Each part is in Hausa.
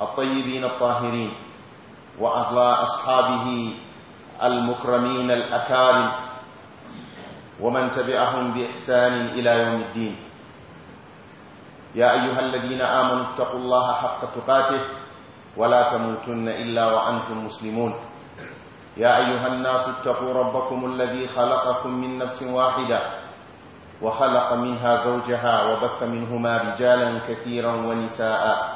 الطيبين الطاهرين وأهل أصحابه المكرمين الأكارم ومن تبعهم بإحسان إلى يوم الدين يا أيها الذين آمنوا اتقوا الله حق تقاته ولا تموتن إلا وأنتم مسلمون يا أيها الناس اتقوا ربكم الذي خلقكم من نفس واحدة وخلق منها زوجها وبث منهما رجالا كثيرا ونساء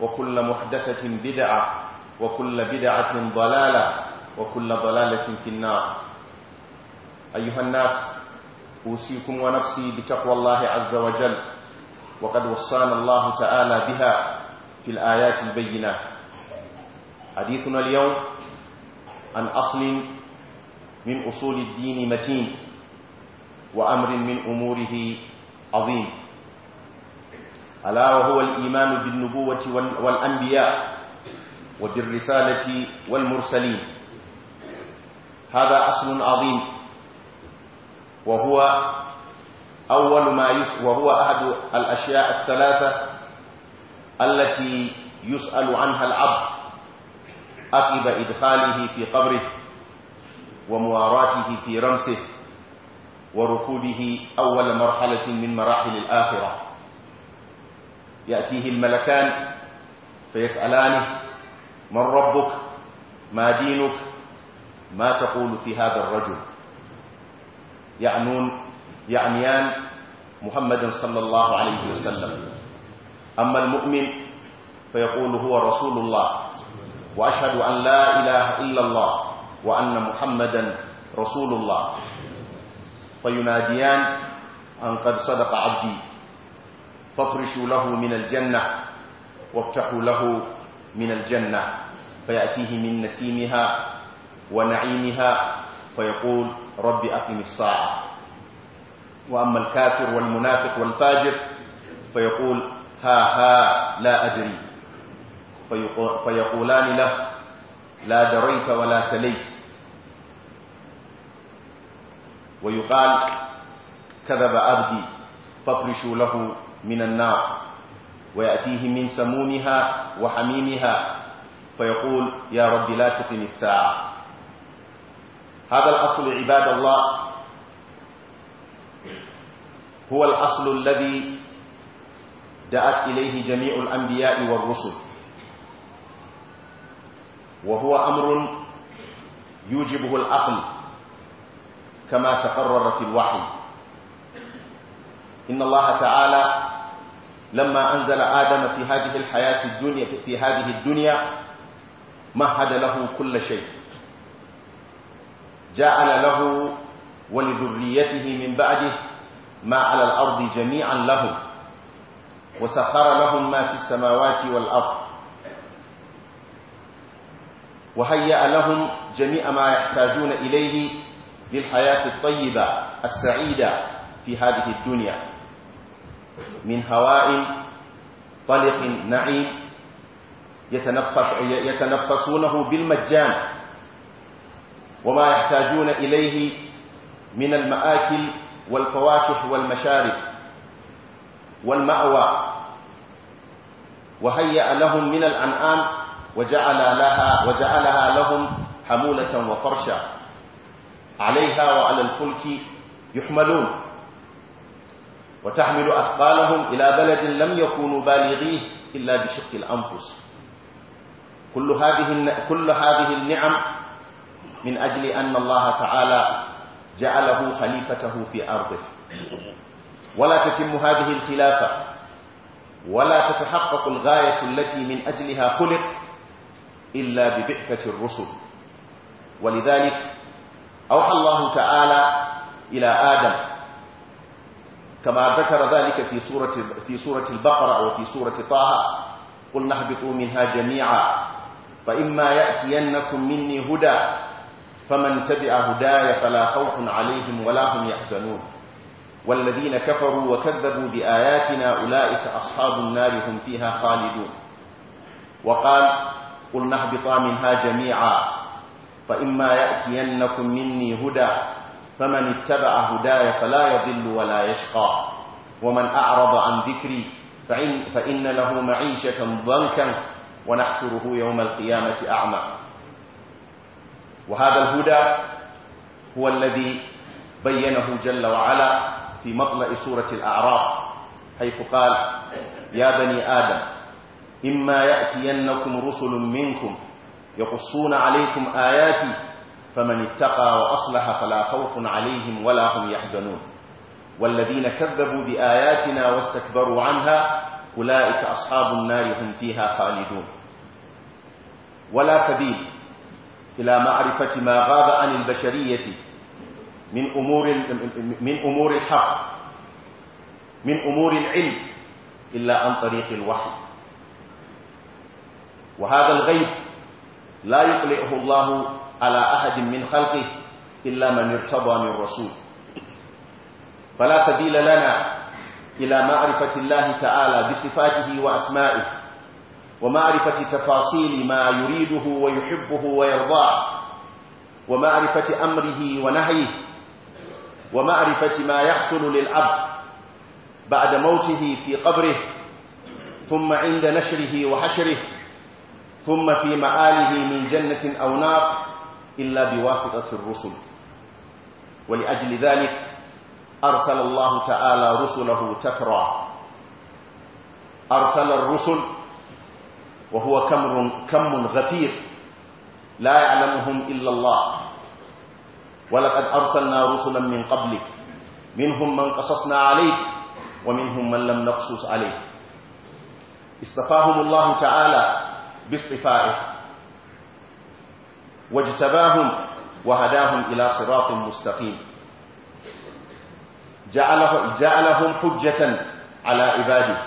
وكل محدثة بدعة وكل بدعة ضلالة وكل ضلالة في النار أيها الناس أوصيكم ونفسي بتقوى الله عز وجل وقد وصانا الله تعالى بها في الآيات البينات حديثنا اليوم عن أصل من أصول الدين متين وأمر من أموره عظيم ألا وهو الإيمان بالنبوة والأنبياء وبالرسالة والمرسلين هذا أصل عظيم وهو أول ما يس وهو أحد الأشياء الثلاثة التي يسأل عنها العبد عقب إدخاله في قبره ومواراته في رمسه وركوبه أول مرحلة من مراحل الآخرة يأتيه الملكان فيسألانه من ربك ما دينك ما تقول في هذا الرجل يعنون يعنيان محمد صلى الله عليه وسلم أما المؤمن فيقول هو رسول الله وأشهد أن لا إله إلا الله وأن محمدا رسول الله فيناديان أن قد صدق عبدي فافرشوا له من الجنة وافتحوا له من الجنة فيأتيه من نسيمها ونعيمها فيقول رب أقم الساعة وأما الكافر والمنافق والفاجر فيقول ها ها لا أدري فيقولان له لا دريت ولا تليت ويقال كذب عبدي فافرشوا له من النار ويأتيه من سمومها وحميمها فيقول يا رب لا تقن الساعة هذا الأصل عباد الله هو الأصل الذي دعت إليه جميع الأنبياء والرسل وهو أمر يوجبه العقل كما تقرر في الوحي إن الله تعالى لما أنزل آدم في هذه الحياة الدنيا في هذه الدنيا مهد له كل شيء جعل له ولذريته من بعده ما على الأرض جميعا له وسخر لهم ما في السماوات والأرض وهيأ لهم جميع ما يحتاجون إليه للحياة الطيبة السعيدة في هذه الدنيا من هواء طلق نعيم يتنفس يتنفسونه بالمجان وما يحتاجون إليه من المآكل والفواكه والمشارب والمأوى وهيأ لهم من الأنعام وجعل لها وجعلها لهم حمولة وفرشا عليها وعلى الفلك يحملون وتحمل أثقالهم إلى بلد لم يكونوا بالغيه إلا بشق الأنفس كل هذه كل هذه النعم من أجل أن الله تعالى جعله خليفته في أرضه ولا تتم هذه الخلافة ولا تتحقق الغاية التي من أجلها خلق إلا ببعثة الرسل ولذلك أوحى الله تعالى إلى آدم كما ذكر ذلك في سورة, في سورة البقرة وفي سورة طه قل نهبطوا منها جميعا فإما يأتينكم مني هدى فمن تبع هداي فلا خوف عليهم ولا هم يحزنون والذين كفروا وكذبوا بآياتنا أولئك أصحاب النار هم فيها خالدون وقال قل نهبطا منها جميعا فإما يأتينكم مني هدى فمن اتبع هداي فلا يضل ولا يشقى ومن أعرض عن ذكري فإن, فإن له معيشة ضنكا ونحشره يوم القيامة أعمى وهذا الهدى هو الذي بينه جل وعلا في مطلع سورة الأعراف حيث قال يا بني آدم إما يأتينكم رسل منكم يقصون عليكم آياتي فمن اتقى وأصلح فلا خوف عليهم ولا هم يحزنون والذين كذبوا بآياتنا واستكبروا عنها أولئك أصحاب النار هم فيها خالدون ولا سبيل إلى معرفة ما غاب عن البشرية من أمور, من أمور الحق من أمور العلم إلا عن طريق الوحي وهذا الغيب لا يطلئه الله على أحد من خلقه إلا من ارتضى من رسول فلا سبيل لنا إلى معرفة الله تعالى بصفاته وأسمائه ومعرفة تفاصيل ما يريده ويحبه ويرضاه ومعرفة أمره ونهيه ومعرفة ما يحصل للعبد بعد موته في قبره ثم عند نشره وحشره ثم في مآله من جنة أو نار إلا بواسطة الرسل ولأجل ذلك أرسل الله تعالى رسله تترى أرسل الرسل وهو كمر كم غفير لا يعلمهم إلا الله ولقد أرسلنا رسلا من قبلك منهم من قصصنا عليه ومنهم من لم نقصص عليه استفاهم الله تعالى باصطفائه واجتباهم وهداهم إلى صراط مستقيم جعلهم حجة على عباده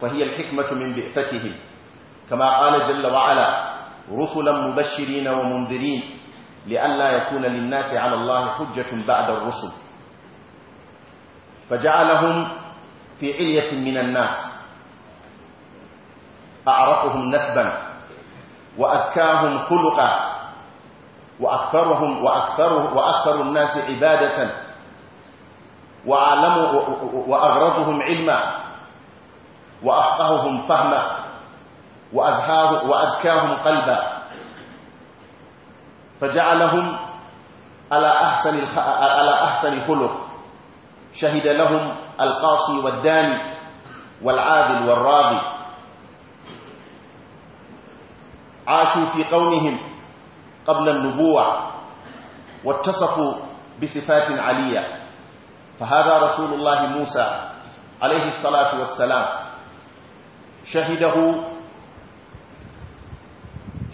فهي الحكمة من بئفتهم كما قال جل وعلا رسلا مبشرين ومنذرين لئلا يكون للناس على الله حجة بعد الرسل فجعلهم في علية من الناس أعرفهم نسبا وأذكاهم خلقا وأكثرهم وأكثر, وأكثر الناس عبادة وعلم وأغرزهم علما وأفقههم فهما وأزكاهم قلبا فجعلهم على أحسن, على أحسن خلق شهد لهم القاصي والداني والعادل والراضي عاشوا في قومهم قبل النبوة واتصفوا بصفات عالية فهذا رسول الله موسى عليه الصلاة والسلام شهده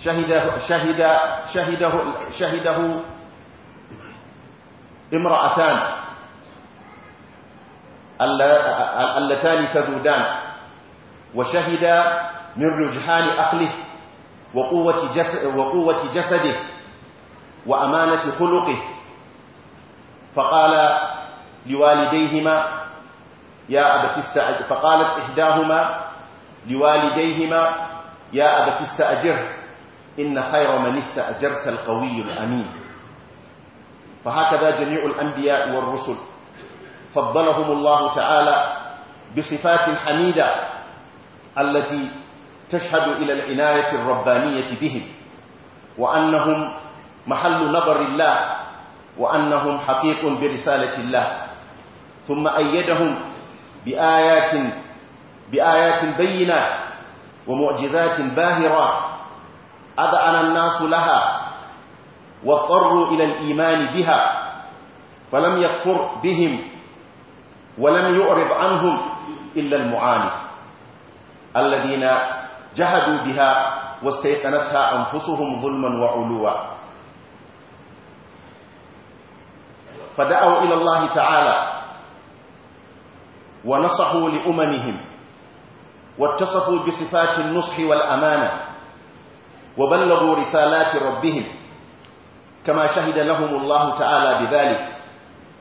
شهده شهد شهده شهده امرأتان اللتان تذودان وشهد من رجحان عقله وقوة, جسده وأمانة خلقه فقال لوالديهما يا أبت استأجر فقالت إحداهما لوالديهما يا أبت استأجر إن خير من استأجرت القوي الأمين فهكذا جميع الأنبياء والرسل فضلهم الله تعالى بصفات حميدة التي تشهد إلى العناية الربانية بهم وأنهم محل نظر الله وأنهم حقيق برسالة الله ثم أيدهم بآيات, بآيات بينات ومعجزات باهرات أذعن الناس لها واضطروا إلى الإيمان بها فلم يكفر بهم ولم يعرض عنهم إلا المعاني الذين جهدوا بها واستيقنتها أنفسهم ظلما وعلوا فدعوا إلى الله تعالى ونصحوا لأممهم واتصفوا بصفات النصح والأمانة وبلغوا رسالات ربهم كما شهد لهم الله تعالى بذلك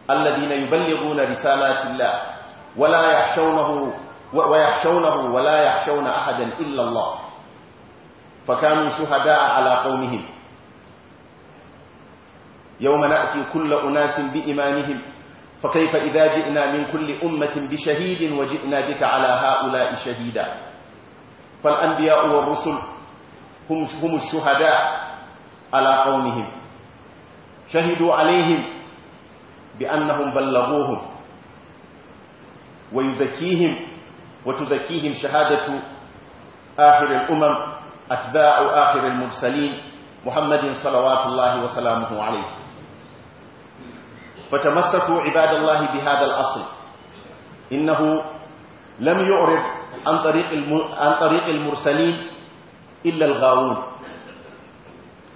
الذين يبلغون رسالات الله ولا يخشونه ويخشونه ولا يخشون أحدا إلا الله فكانوا شهداء على قومهم يوم نأتي كل أناس بإمامهم فكيف إذا جئنا من كل أمة بشهيد وجئنا بك على هؤلاء شهيدا فالأنبياء والرسل هم هم الشهداء على قومهم شهدوا عليهم بأنهم بلغوهم ويزكيهم وتزكيهم شهادة آخر الأمم أتباع آخر المرسلين محمد صلوات الله وسلامه عليه فتمسكوا عباد الله بهذا الأصل إنه لم يعرض عن طريق, عن طريق المرسلين إلا الغاوون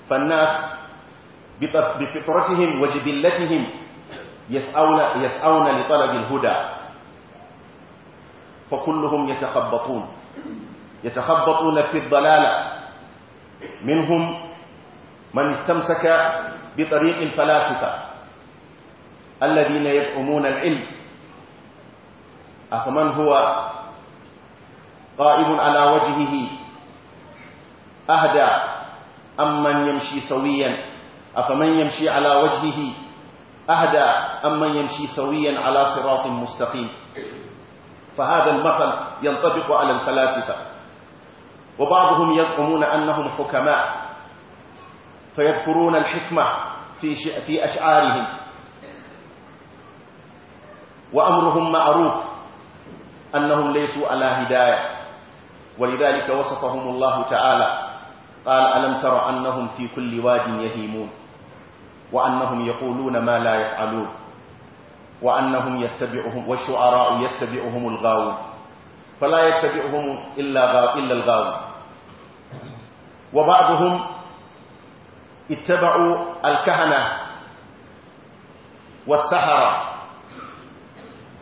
فالناس بفطرتهم وجبلتهم يسعون, يسعون لطلب الهدى فكلهم يتخبطون يتخبطون في الضلالة منهم من استمسك بطريق الفلاسفة الذين يزعمون العلم أفمن هو قائم على وجهه أهدى أم من يمشي سويا أفمن يمشي على وجهه أهدى أم من يمشي سويا على صراط مستقيم فهذا المثل ينطبق على الفلاسفة وبعضهم يزعمون أنهم حكماء فيذكرون الحكمة في, أشعارهم وأمرهم معروف أنهم ليسوا على هداية ولذلك وصفهم الله تعالى قال ألم تر أنهم في كل واد يهيمون وأنهم يقولون ما لا يفعلون وأنهم يتبعهم والشعراء يتبعهم الغاوون فلا يتبعهم إلا, إلا الغاوون وبعضهم اتبعوا الكهنة والسحرة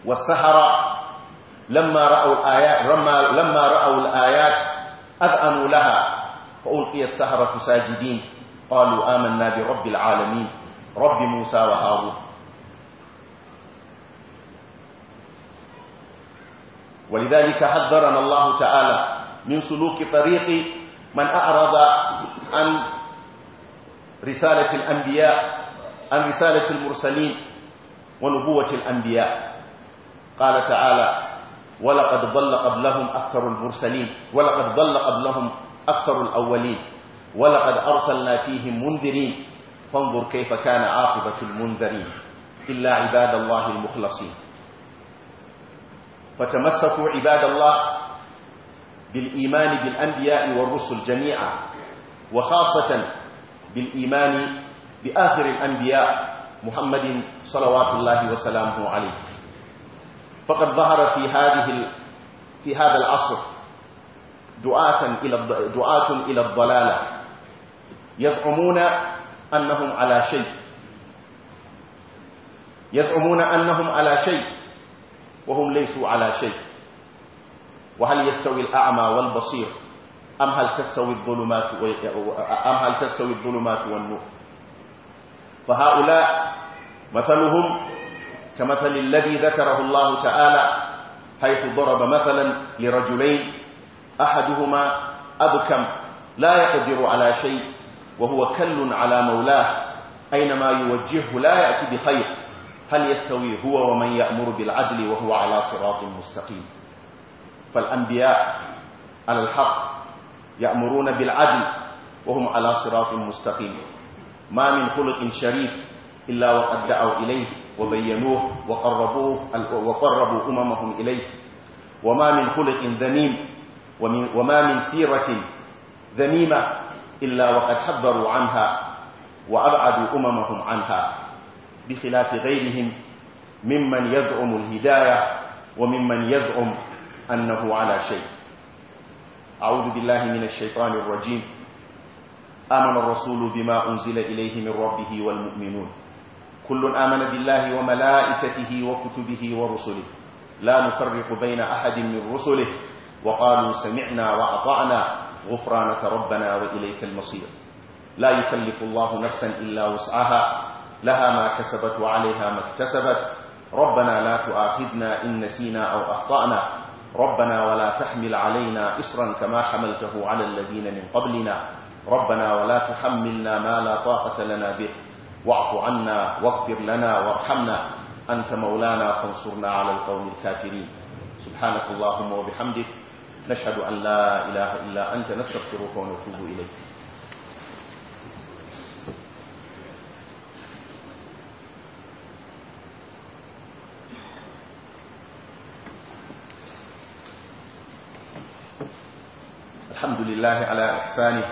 والسحرة لما رأوا الآيات, لما, لما رأوا الآيات أذأنوا لها فألقي السحرة ساجدين قالوا آمنا برب العالمين رب موسى وهارون ولذلك حذرنا الله تعالى من سلوك طريق من أعرض عن رسالة الأنبياء عن رسالة المرسلين ونبوة الأنبياء قال تعالى ولقد ضل قبلهم أكثر المرسلين ولقد ضل قبلهم أكثر الأولين ولقد أرسلنا فيهم منذرين فانظر كيف كان عاقبة المنذرين إلا عباد الله المخلصين فتمسكوا عباد الله بالإيمان بالأنبياء والرسل جميعا وخاصة بالإيمان بآخر الأنبياء محمد صلوات الله وسلامه عليه فقد ظهر في هذه في هذا العصر دعاة إلى دعاة إلى الضلالة يزعمون أنهم على شيء يزعمون أنهم على شيء وهم ليسوا على شيء وهل يستوي الأعمى والبصير أم هل تستوي الظلمات أم هل تستوي الظلمات والنور فهؤلاء مثلهم كمثل الذي ذكره الله تعالى حيث ضرب مثلا لرجلين أحدهما أبكم لا يقدر على شيء وهو كل على مولاه أينما يوجهه لا يأتي بخير هل يستوي هو ومن يأمر بالعدل وهو على صراط مستقيم فالأنبياء على الحق يأمرون بالعدل وهم على صراط مستقيم ما من خلق شريف إلا وقد دعوا إليه وبينوه وقربوه وقربوا أممهم إليه وما من خلق ذميم وما من سيرة ذميمة إلا وقد حذروا عنها وأبعدوا أممهم عنها بخلاف غيرهم ممن يزعم الهداية وممن يزعم أنه على شيء أعوذ بالله من الشيطان الرجيم آمن الرسول بما أنزل إليه من ربه والمؤمنون كل آمن بالله وملائكته وكتبه ورسله لا نفرق بين أحد من رسله وقالوا سمعنا وأطعنا غفرانك ربنا وإليك المصير لا يكلف الله نفسا إلا وسعها لها ما كسبت وعليها ما اكتسبت ربنا لا تؤاخذنا إن نسينا أو أخطأنا ربنا ولا تحمل علينا إصرا كما حملته على الذين من قبلنا ربنا ولا تحملنا ما لا طاقة لنا به واعف عنا واغفر لنا وارحمنا أنت مولانا فانصرنا على القوم الكافرين سبحانك اللهم وبحمدك نشهد أن لا إله إلا أنت نستغفرك ونتوب إليك لله على إحسانه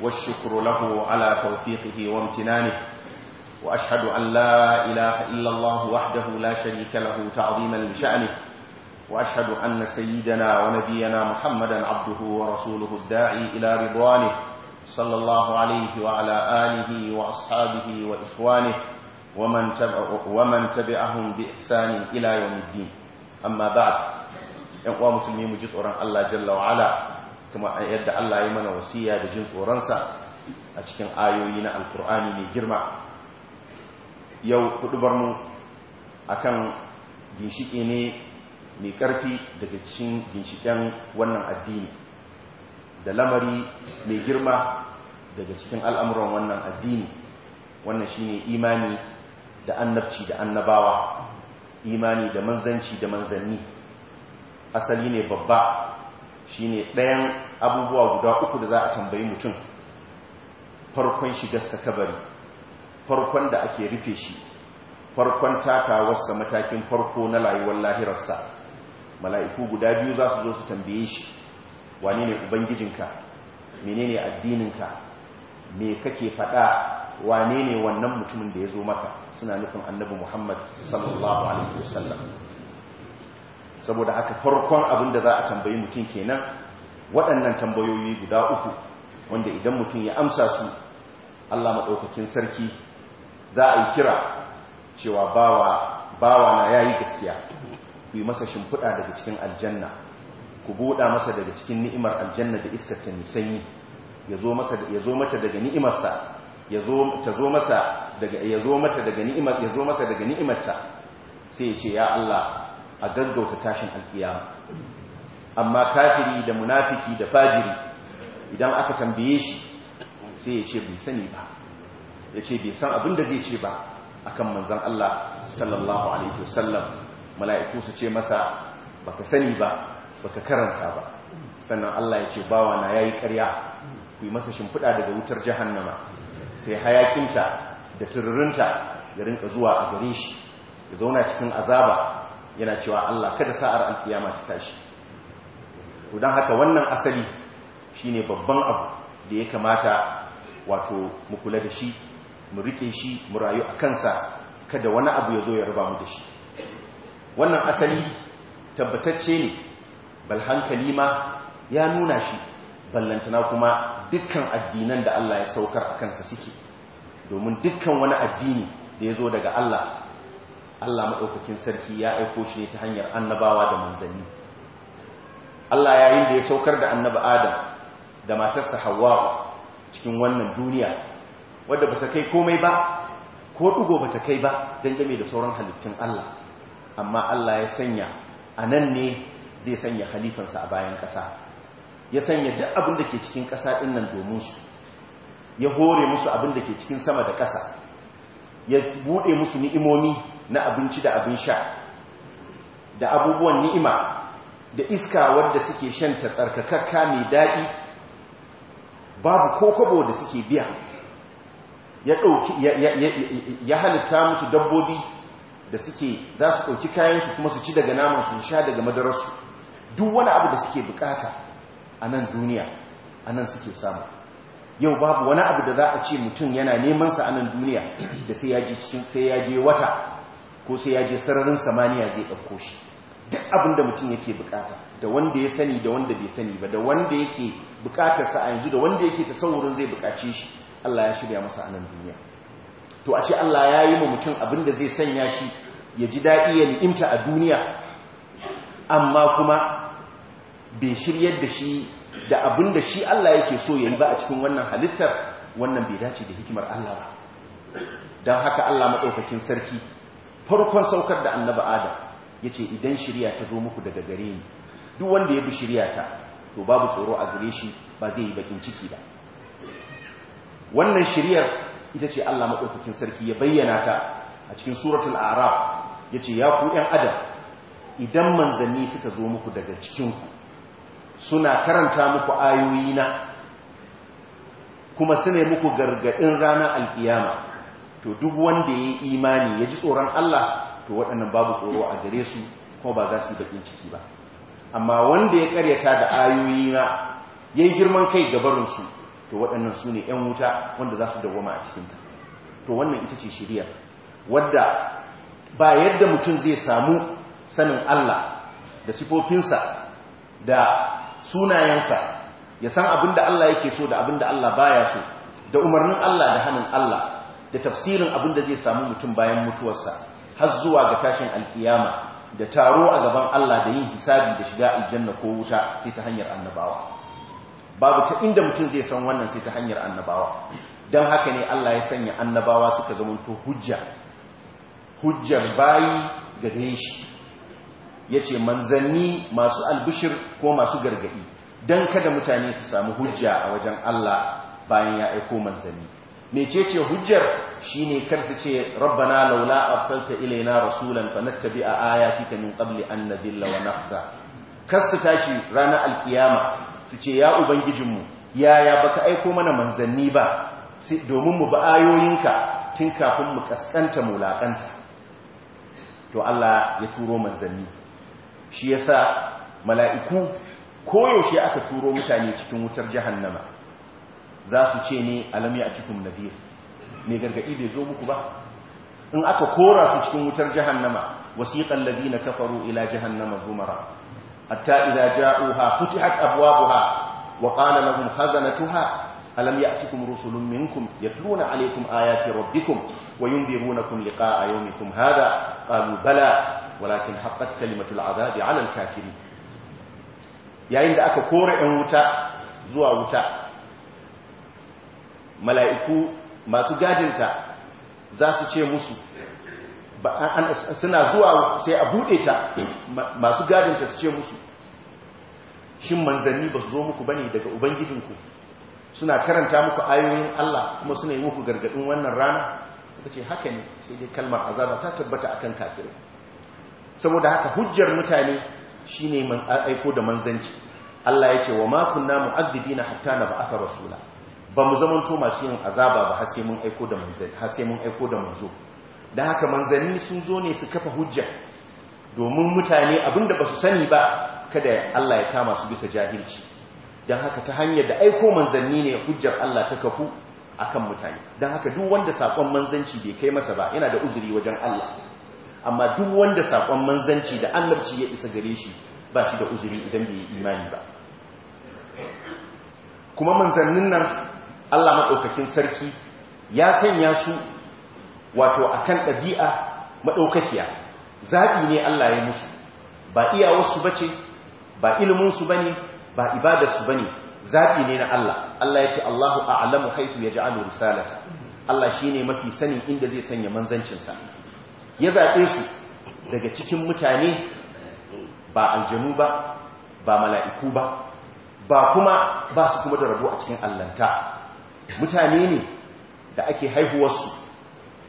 والشكر له على توفيقه وامتنانه وأشهد أن لا إله إلا الله وحده لا شريك له تعظيما لشأنه وأشهد أن سيدنا ونبينا محمدا عبده ورسوله الداعي إلى رضوانه صلى الله عليه وعلى آله وأصحابه وإخوانه ومن, تبع ومن تبعهم بإحسان إلى يوم الدين أما بعد ‘yan uwa musulmi mu ji tsoron Allah jalla wa'ala kuma yadda Allah ya mana wasiya da jin tsoronsa a cikin ayoyi na alkur'ani mai girma yau kudubar mu kan ginshike ne mai ƙarfi daga cikin ginshiken wannan addini da lamari mai girma daga cikin al'amuran wannan addini wannan shine imani da annabci da annabawa imani da manzanci da manzanni asali ne babba Shi ne ɗayan abubuwa guda uku da za a tambayi mutum farkon shigarsa kabari farkon da ake rufe shi farkon takawarsa matakin farko na layuwar lahirarsa mala'iku guda biyu za su zo su tambaye shi wane ne ubangijinka ne addininka me kake faɗa wane ne wannan mutumin da ya zo maka suna nufin annabi muhammad sallallahu alaihi wasallam saboda haka farkon abin da za a tambayi mutum kenan waɗannan tambayoyi guda uku wanda idan mutum ya amsa su Allah maɗaukakin sarki za a yi kira cewa bawa bawa na yayi gaskiya ku yi masa shimfiɗa daga cikin aljanna ku buɗa masa daga cikin ni'imar aljanna da iskar ta sanyi ya zo mata daga ni'imarsa ya zo mata daga ni'imarta sai ya ce ya Allah a gaggauta tashin alkiyama amma kafiri da munafiki da fajiri idan aka tambaye shi sai ya ce bai sani ba ya ce bai san abin da zai ce ba akan manzan Allah sallallahu alaihi wasallam mala'iku su ce masa ba ka sani ba ba ka karanta ba sannan Allah ya ce bawa na yayi karya ku yi masa shimfiɗa daga wutar jahannama sai hayakinta da tururinta ya rinka zuwa a gare shi ya zauna cikin azaba yana cewa Allah kada sa'ar alkiyama ta tashi don haka wannan asali shine babban abu da ya kamata wato mu kula da shi mu rike shi mu rayu a kansa kada wani abu ya zo ya raba mu da shi wannan asali tabbatacce ne bal hankali ma ya nuna shi ballantana kuma dukkan addinan da Allah ya saukar a kansa suke domin dukkan wani addini da ya zo daga Allah Allah maɗaukakin sarki ya aiko shi ne ta hanyar annabawa da manzanni Allah yayin da ya saukar da annaba Adam da matarsa Hawwa cikin wannan duniya wadda ba ta kai komai ba ko ɗugo ba ta kai ba dangane da sauran halittun Allah amma Allah ya sanya a nan ne zai sanya halifansa a bayan ƙasa ya sanya duk abin da ke cikin ƙasa ɗin nan domin su ya hore musu abin da ke cikin sama da ƙasa ya buɗe musu ni'imomi na abinci da abin sha da abubuwan ni'ima da iska wadda suke shanta tsarkakakka mai daɗi babu ko da suke biya ya ɗauki ya halitta musu dabbobi da suke za su ɗauki kayansu kuma su ci daga naman su sha daga madararsu duk wani abu da suke bukata a nan duniya a nan suke samu yau babu wani abu da za a ce mutum yana nemansa a nan duniya da sai ya je cikin sai ya je wata ko sai ya je sararin samaniya zai ɗauko shi duk abin da mutum yake bukata da wanda ya sani da wanda bai sani ba da wanda yake bukatarsa a yanzu da wanda yake tasawurin zai bukace shi Allah ya shirya masa a nan duniya to a ce Allah ya yi ma mutum abin da zai sanya shi ya ji daɗi ya ni'imta a duniya amma kuma bai shiryar da shi da abin da shi Allah yake so ya yi ba a cikin wannan halittar wannan bai dace da hikimar Allah ba don haka Allah maɗaukakin sarki farkon saukar da annabi adam ce idan shirya ta zo muku daga gare ni duk wanda ya bi shirya ta to babu tsoro a gare shi ba zai yi bakin ciki ba wannan shiryar ita ce Allah Maɗaukakin sarki ya bayyana ta a cikin suratul a'raf yace ya ku ‘yan adam idan manzanni suka zo muku daga cikinku suna karanta muku ayoyi na kuma su ne muku gargaɗin ranar alkiyama to duk wanda ya yi imani ya ji tsoron Allah to waɗannan babu tsoro a gare su kuma ba za su yi bakin ciki ba amma wanda ya karyata da ayoyi na ya yi girman kai gabarinsu to waɗannan su ne ‘yan wuta wanda za su dawama a cikinta to wannan ita ce shirya wadda ba yadda mutum zai samu sanin Allah da sifofinsa da sunayensa ya san abin da Allah yake so da abin da Allah baya so da umarnin Allah da hannun Allah da tafsirin abin da zai samu mutum bayan mutuwarsa har zuwa ga tashin alkiyama da taro a gaban Allah da yin hisabi da shiga aljanna ko wuta sai ta hanyar annabawa babu ta inda mutum zai san wannan sai ta hanyar annabawa don haka ne Allah ya sanya annabawa suka zamanto hujja hujjar bayi ga shi yace ce manzanni masu albishir ko masu gargadi don kada mutane su samu hujja a wajen Allah bayan ya aiko manzanni mecece hujjar shine kar su ce rabbana laula arsalta ilaina rasulan a ayati ka min qabli an nadilla wa nahza kar su tashi ranar alkiyama su ce ya ubangijin ubangijinmu yaya baka aiko mana manzanni ba domin mu ba ayoyinka tun kafin mu kaskanta mulakanta to Allah ya turo manzanni shi yasa mala'iku koyaushe aka turo mutane cikin wutar jahannama za su ce ne alam a cikin nabir mai gargaɗi bai zo muku ba in aka kora su cikin wutar jahannama wasiqal ladina kafaru ila jahannama zumara hatta idza ja'uha futihat abwabuha wa qala lahum khazanatuha alam ya'tikum rusulun minkum yatluna alaykum ayati rabbikum wa yunzirunakum liqa'a yawmikum hada qalu bala walakin haqqat kalimatul azabi 'ala al yayin da aka kora yan wuta zuwa wuta mala'iku masu gadinta za su ce musu suna zuwa sai a buɗe ta masu gadinta su ce musu shin manzanni ba su zo muku ne daga ubangijinku suna karanta muku ayoyin Allah kuma suna yi muku gargadin wannan rana suka ce haka ne sai dai kalmar azaba ta tabbata akan kafirai saboda haka hujjar mutane shine man aiko da manzanci Allah ya ce wa ma kunna na hatta na nab'atha rasula ba mu zamanto masu yin azaba ba har mun aiko da da haka manzanni sun zo ne su kafa hujja domin mutane abinda ba su sani ba kada Allah ya kama su bisa jahilci Don haka ta hanyar da aiko manzanni ne hujjar Allah ta kafu akan mutane Don haka duk wanda sakon manzanci bai kai masa ba yana da uzuri wajen Allah amma duk wanda saƙon manzanci da annabci ya isa gare shi ba shi da uzuri idan bai yi imani ba kuma manzannin nan Allah maɗaukakin sarki ya sanya su wato a kan ɗabi'a maɗaukakiya zaɓi ne Allah ya musu ba iyawarsu ba ce ba iliminsu ba ne ba ibadarsu ba ne zaɓi ne na Allah Allah ya ce Allahu a'lamu haitu ya ji alu risalata Allah shi ne mafi sani inda zai sanya manzancinsa ya zaɓe su daga cikin mutane ba aljanu ba ba mala'iku ba ba kuma ba su kuma da rabo a cikin allanta mutane ne da ake haihuwarsu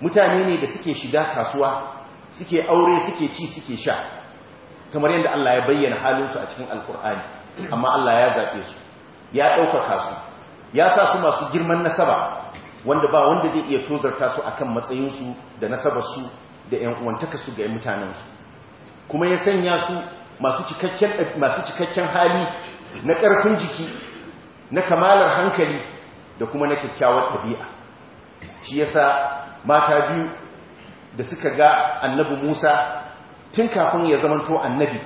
mutane ne da suke shiga kasuwa suke aure suke ci suke sha kamar yadda Allah ya bayyana halinsu a cikin alkur'ani amma Allah ya zaɓe su ya ɗaukaka su ya sa su masu girman nasaba wanda ba wanda zai iya tozarta su a kan matsayinsu da nasabarsu da ‘yan uwantakarsu ga mutanensu kuma ya sanya su masu cikakken hali na ƙarfin jiki na kamalar hankali da kuma na kyakkyawar ɗabi'a shi yasa mata biyu da suka ga annabi musa tun kafin ya zamanto annabi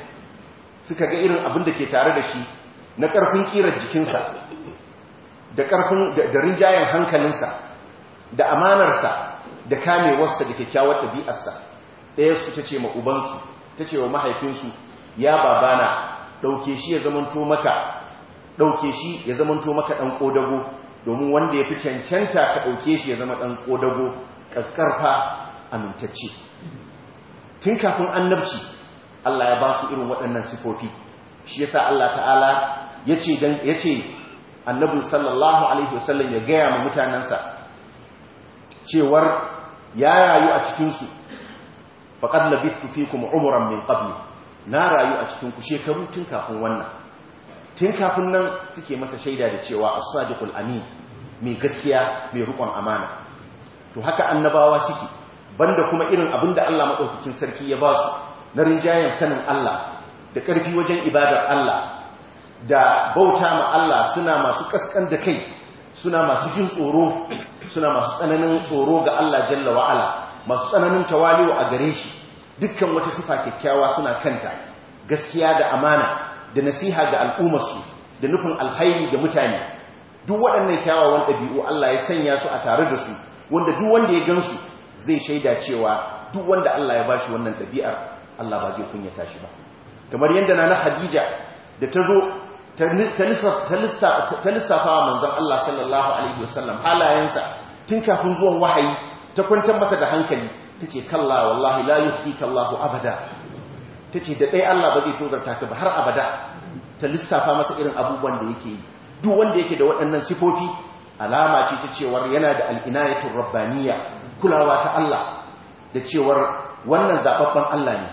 suka ga irin abin da ke tare da shi na ƙarfin ƙirar jikinsa da ƙarfin da rinjayen hankalinsa da amanarsa da kamewarsa da kyakkyawar ɗabi'arsa ɗayarsu ta ce ma ubansu ta ce wa mahaifinsu ya babana ɗauke shi ya zamanto maka ɗauke shi ya zamanto maka ɗan ƙodago domin wanda ya fi cancanta ka ɗauke shi ya zama ɗan ƙodago ƙarƙarfa amintacce tun kafin annabci Allah ya ba su irin waɗannan sifofi shi yasa Allah ta'ala ya ce annabin sallallahu alaihi wasallam ya gaya ma mutanensa cewar ya rayu a cikinsu faƙad fi kuma umuran min ƙabli na rayu a cikinku shekaru tun kafin wannan tun kafin nan suke masa shaida da cewa a sadiqul amin mai gaskiya mai rukun amana to haka annabawa suke banda kuma irin abin da Allah madaukakin sarki ya ba su na rinjayen sanin Allah da ƙarfi wajen ibadar Allah da bauta ma Allah suna masu ƙasƙan da kai suna masu jin tsoro suna masu tsananin tsoro ga Allah jalla wa'ala masu tsananin tawali'u a gare shi dukkan wata sifa kyakkyawa suna kanta gaskiya da amana da nasiha ga al'ummarsu da nufin alhairi ga mutane duk waɗannan kyawawan ɗabi'u Allah ya sanya su a tare da su wanda duk wanda ya gansu zai shaida cewa duk wanda Allah ya bashi wannan ɗabi'ar Allah ba zai kunyata shi ba kamar yadda na na Hadija da ta zo ta lissafa wa manzon Allah sallallahu alaihi wasallam halayensa tun kafin zuwan wahayi ta kwantar masa da hankali ta ce kalla wallahi la yukhika Allahu abada ta ce da ɗaya Allah ba zai tozarta ka ba har abada ta lissafa masa irin abubuwan da yake yi duk wanda yake da waɗannan sifofi alama ce ta cewar yana da al'inayatun rabbaniya kulawa ta Allah da cewar wannan zaɓaɓɓen Allah ne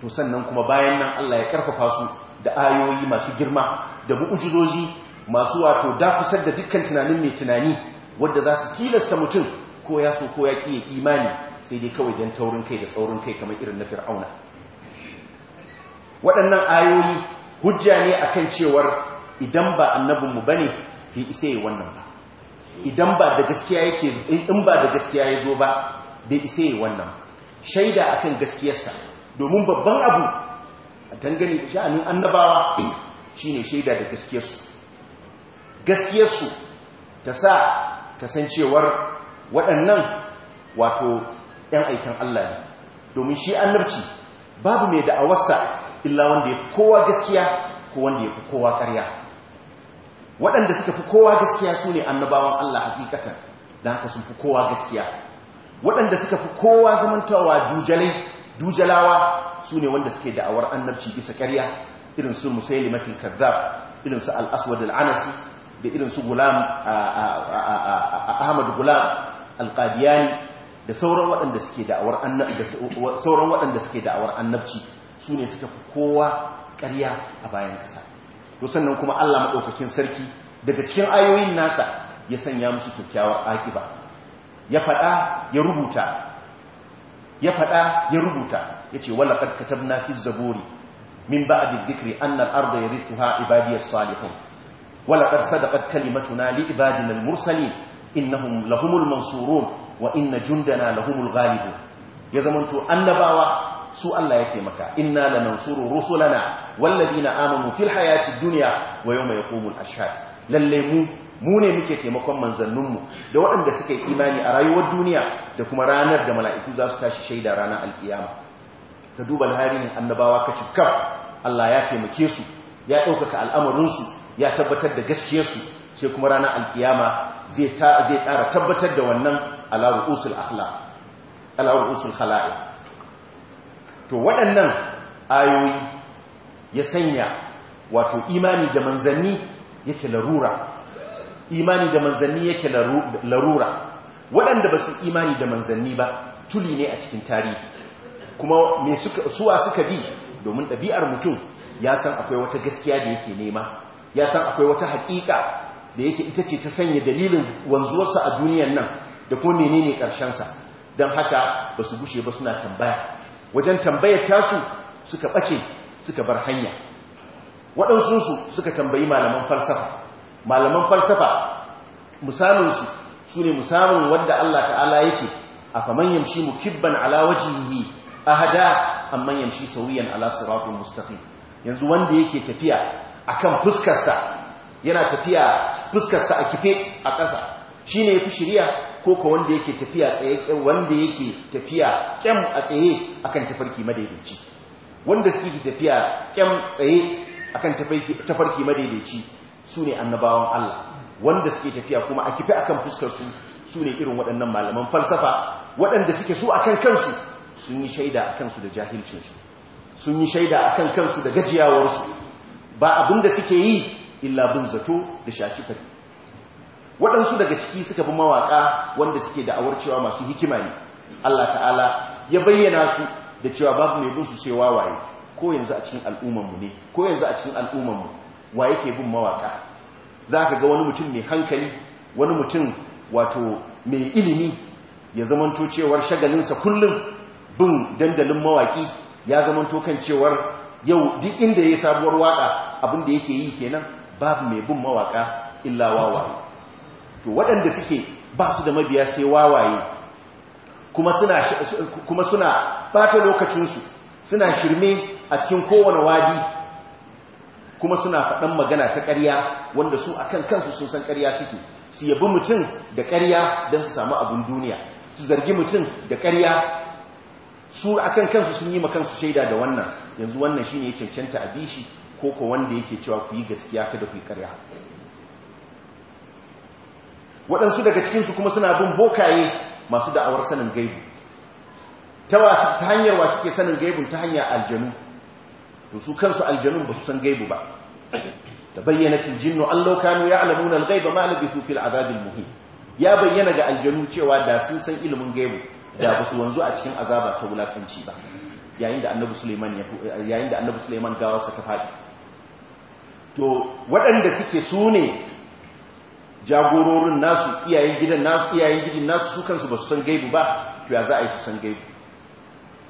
to sannan kuma bayan nan Allah ya ƙarfafa su da ayoyi masu girma da mu'ujizoji masu wato dakusar da dukkan tunanin mai tunani wadda za su tilasta mutum ko ya so ko ya ƙi imani sai dai kawai don taurin kai da tsaurin kai kamar irin na fir'auna waɗannan ayoyi hujja ne akan cewar idan ba annabinmu bane bai isa yi wannan ba idan ba da gaskiya yake in ba da gaskiya ya zo ba bai isa yi wannan shaida akan gaskiyarsa domin babban abu a dangane da sha'anin annabawa shine shaida da gaskiyarsu gaskiyarsu ta sa ta san cewar waɗannan wato ‘yan aikin Allah ne domin shi annabci babu mai da'awarsa illa wanda ya fi kowa gaskiya ko wanda ya fi kowa karya. waɗanda suka fi kowa gaskiya su ne annabawan Allah hakikatan da haka sun fi kowa gaskiya waɗanda suka fi kowa zamantawa dujalai dujalawa su ne wanda suke da'awar annabci bisa karya. irin su musailimatin kazzab irin su al'aswad al'anasi da irin su gulam ahmad gulam Al-Qadiyani, da sauran waɗanda suke da'awar annabci su ne suka fi kowa ƙarya a bayan ƙasa to sannan kuma Allah maɗaukakin sarki daga cikin ayoyin nasa ya sanya musu kyakkyawar akiba ya faɗa ya rubuta ya faɗa ya rubuta yace wala qad na fi zaburi min ba'di dhikri anna al-arda yarithuha ibadiy as-salihun wala qad sadaqat kalimatuna li ibadina al-mursalin innahum lahumul mansurun wa inna jundana lahumul ghalibun ya zamanto annabawa su Allah ya taimaka inna lanansuru rusulana walladina amanu fil hayatid dunya wa yawma yaqumul ashhad lalle mu mu ne muke taimakon mu da waɗanda suke imani a rayuwar duniya da kuma ranar da mala'iku za su tashi shaida ranar alkiyama ka duba alharin annabawa ka cikar Allah ya taimake su ya ɗaukaka al'amarinsu ya tabbatar da gaskiyarsu sai kuma ranar alkiyama zai tsara tabbatar da wannan alawar usul hala'i to waɗannan ayoyi ya sanya wato imani da manzanni yake larura imani da manzanni yake larura waɗanda ba su imani da manzanni ba tuli ne a cikin tarihi kuma me suka suwa suka bi domin ɗabi'ar mutum ya san akwai wata gaskiya da yake nema ya san akwai wata haƙiƙa da yake ita ce ta sanya dalilin wanzuwarsa a duniyan nan da kuma menene ƙarshensa don haka ba su gushe ba suna tambaya wajen tambayar tasu suka ɓace suka bar hanya waɗansunsu suka tambayi malaman falsafa malaman falsafa misalinsu su ne misalin wadda Allah ta'ala ya yake a faman yamshi mukibban ala hada ahada amman yamshi sauriyan ala siratul mustaqim yanzu wanda yake tafiya akan fuskarsa yana tafiya fuskarsa a kife a ƙasa shi ne ya fi shiriya ko ka wanda yake tafiya tsaye wanda yake tafiya kyam a tsaye akan tafarki madaidaici wanda suke tafiya kyam tsaye akan tafarki madaidaici su ne annabawan Allah wanda suke tafiya kuma a kifi akan fuskar su su ne irin waɗannan malaman falsafa waɗanda suke su akan kansu sun yi shaida a su da jahilcinsu sun yi shaida akan kansu da gajiyawarsu ba abin da suke yi illa bin zato da shaci fari waɗansu daga ciki suka fi mawaƙa wanda suke da'awar cewa masu hikima ne Allah ta'ala ya bayyana su da cewa babu mai bin su sai wawaye ko yanzu a cikin al'ummanmu ne ko yanzu a cikin al'ummanmu wa yake bin mawaƙa za ka ga wani mutum mai hankali wani mutum wato mai ilimi ya zamanto cewar shagalinsa kullum bin dandalin mawaƙi ya zamanto kan cewar yau duk inda ya yi sabuwar waƙa abin da yake yi kenan babu mai bin mawaƙa illa wawaye to waɗanda suke ba su da mabiya sai wawaye kuma suna bata lokacinsu suna shirme a cikin kowane wadi kuma suna faɗan magana ta ƙarya wanda su akan kansu sun san ƙarya suke su yabi mutum da ƙarya don su samu abin duniya su zargi mutum da ƙarya su akan kansu sun yi kansu shaida da wannan yanzu wannan shine ne cancanta a bishi ko wanda yake cewa ku yi gaskiya kada ku yi ƙarya waɗansu daga cikinsu kuma suna bin bokaye masu da'awar sanin gaibu ta hanyar wa suke sanin gaibun ta hanyar aljanu to su kansu aljanun ba su san gaibu ba ta bayyana jinnu an kanu ya alamuna ba ma su fil azabin muhim ya bayyana ga aljanu cewa da sun san ilimin gaibu da ba su wanzu a cikin azaba ta wulakanci ba yayin da annabi suleiman yayin da annabi suleiman gawarsa ta faɗi to waɗanda suke su ne jagororin nasu iyayen gidan nasu iyayen gijin nasu su kansu ba su san gaibu ba to ya za a yi su san gaibu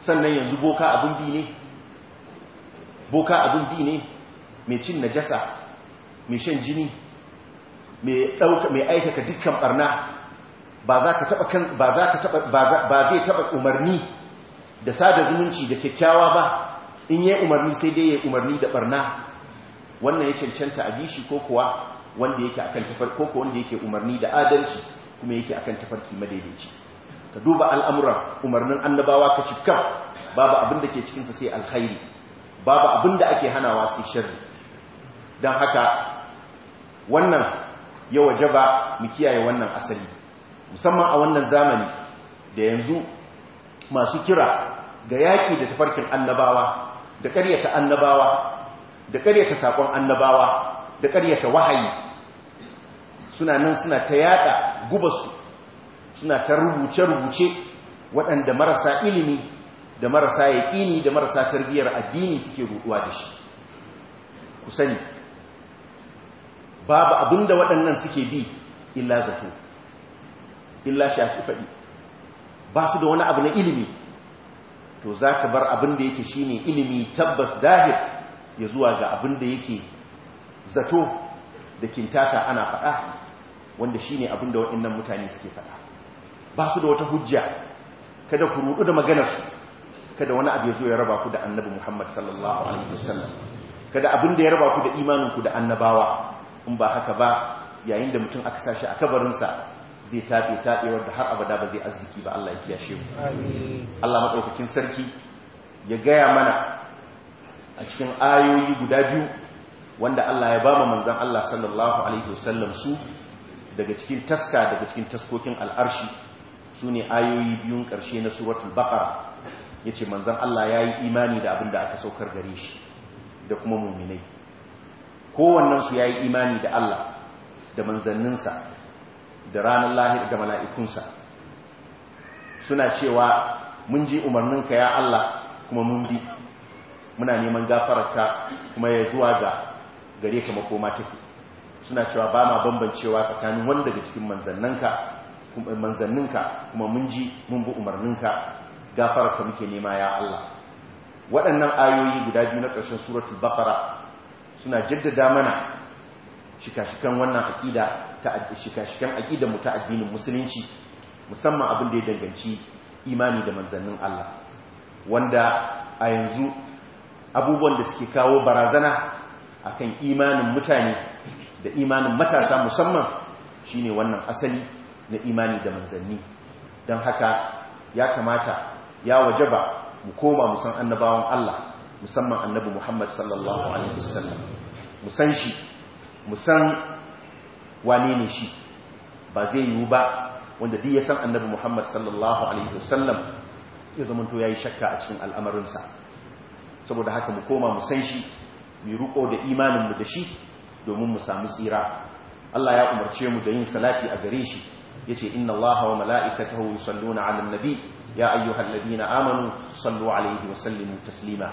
sannan yanzu boka abin bi ne boka abin bi ne mai cin najasa mai shan jini mai aikaka dukkan barna ba za ka taba umarni da sada zumunci da kyakkyawa ba in yi umarni sai dai ya umarni da barna wannan ya cancanta a bishi ko kuwa wanda yake akan tafar koko wanda yake umarni da adalci kuma yake akan tafarki madaidaici ka duba al'amuran umarnin annabawa ka cikka babu abin da ke cikinsa sai alkhairi babu abin da ake hanawa sai sharri don haka wannan ya waje ba mu kiyaye wannan asali musamman a wannan zamani da yanzu masu kira ga yaƙi da tafarkin annabawa da ƙaryata annabawa da ƙaryata saƙon annabawa da ƙaryata wahayi suna nan suna ta yada gubarsu suna ta rubuce-rubuce waɗanda marasa ilimi da marasa yaƙini da marasa tarbiyyar addini suke ruɗuwa da shi ku sani babu abinda waɗannan suke bi illa zato illa shafi faɗi ba su da wani abu na ilimi to za ka bar abin da yake shine ilimi tabbas dahir ya zuwa ga abin da yake zato da kintata ana faɗa wanda shi ne abin da waɗannan mutane suke faɗa ba su da wata hujja kada ku rudu da maganarsu kada wani abu ya zo ya raba ku da annabi Muhammad sallallahu alaihi wasallam kada abin da ya raba ku da imaninku da annabawa in ba haka ba yayin da mutum aka sashi a kabarinsa zai taɓe taɓewar da har abada ba zai arziki ba Allah ya kiyashe mu Allah madaukakin sarki ya gaya mana a cikin ayoyi guda biyu wanda Allah ya ba manzan Allah sallallahu alaihi wasallam su daga cikin taska daga cikin taskokin al'arshi su ne ayoyi biyun ƙarshe na suratul baqara yace manzan Allah yayi imani da abin da aka saukar gare shi da kuma mu'minai kowannen su yayi imani da Allah da manzanninsa da ranar lahir da mala'ikunsa suna cewa mun ji umarninka ya Allah kuma mun bi muna neman gafararka kuma ya zuwa ga gare ka makoma take suna cewa ba ma bambancewa tsakanin wani daga cikin manzanninka kuma mun ji mun bi umarninka gafararka muke nema ya Allah waɗannan ayoyi guda biyu na ƙarshen suratul baqara suna jaddada mana shikashikan wannan aqida ta shikashikan aqidar mu ta addinin musulunci musamman abin da ya danganci imani da manzannin Allah wanda a yanzu abubuwan da suke kawo barazana akan imanin mutane da imanin matasa musamman shine wannan asali na imani da manzanni don haka ya kamata ya wajaba mu koma musan annabawan Allah musamman annabi Muhammad sallallahu alaihi wasallam musan shi musan wane ne shi ba zai yiwu ba wanda duk ya san annabi Muhammad sallallahu alaihi wasallam ya zamanto yayi shakka a cikin al'amarinsa saboda haka mu koma mu san shi mu riko da imanin mu da shi domin mu samu tsira Allah ya umarce mu da yin salati a gare shi ce, inna Allaha wa mala'ikatahu yusalluna 'alan nabi ya na amanu sallu 'alayhi wa sallimu taslima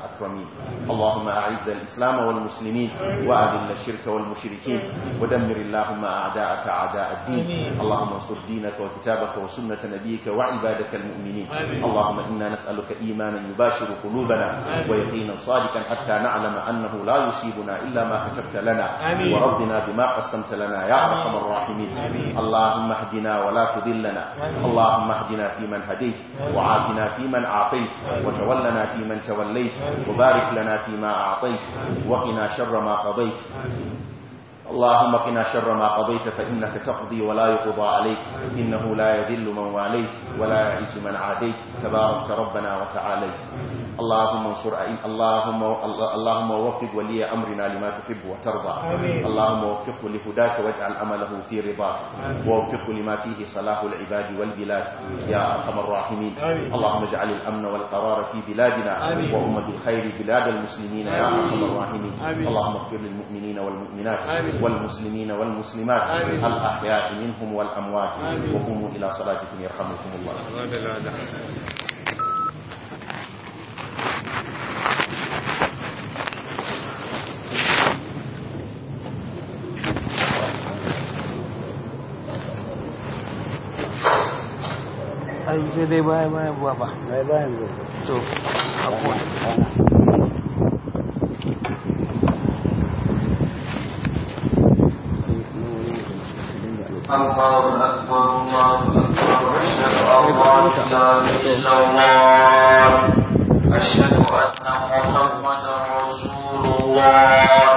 الأكرمين اللهم أعز الإسلام والمسلمين وأذل الشرك والمشركين ودمر اللهم أعداءك أعداء الدين اللهم انصر دينك وكتابك وسنة نبيك وعبادك المؤمنين اللهم إنا نسألك إيمانا يباشر قلوبنا ويقينا صادقا حتى نعلم أنه لا يصيبنا إلا ما كتبت لنا وربنا بما قسمت لنا يا أرحم الراحمين اللهم اهدنا ولا تذلنا اللهم اهدنا فيمن هديت وعافنا فيمن عافيت وتولنا فيمن توليت وبارك لنا فيما أعطيت وقنا شر ما قضيت اللهم قنا شر ما قضيت فإنك تقضي ولا يقضى عليك إنه لا يذل من واليت ولا يعز من عاديت تبارك ربنا وتعاليت اللهم انصر اللهم اللهم وفق ولي امرنا لما تحب وترضى آمين. اللهم وفقه لهداك واجعل امله في رضاك ووفقه لما فيه صلاح العباد والبلاد يا ارحم الراحمين اللهم اجعل الامن والقرار في بلادنا آمين. وامه الخير بلاد المسلمين يا ارحم الراحمين اللهم اغفر للمؤمنين والمؤمنات آمين. والمسلمين والمسلمات الأحياء منهم والأموات وقوموا إلى صلاتكم يرحمكم الله ai sai dai bayan bayan buwa ba bayan bayan to akwai الله أكبر الله أكبر أشهد أن لا رسول الله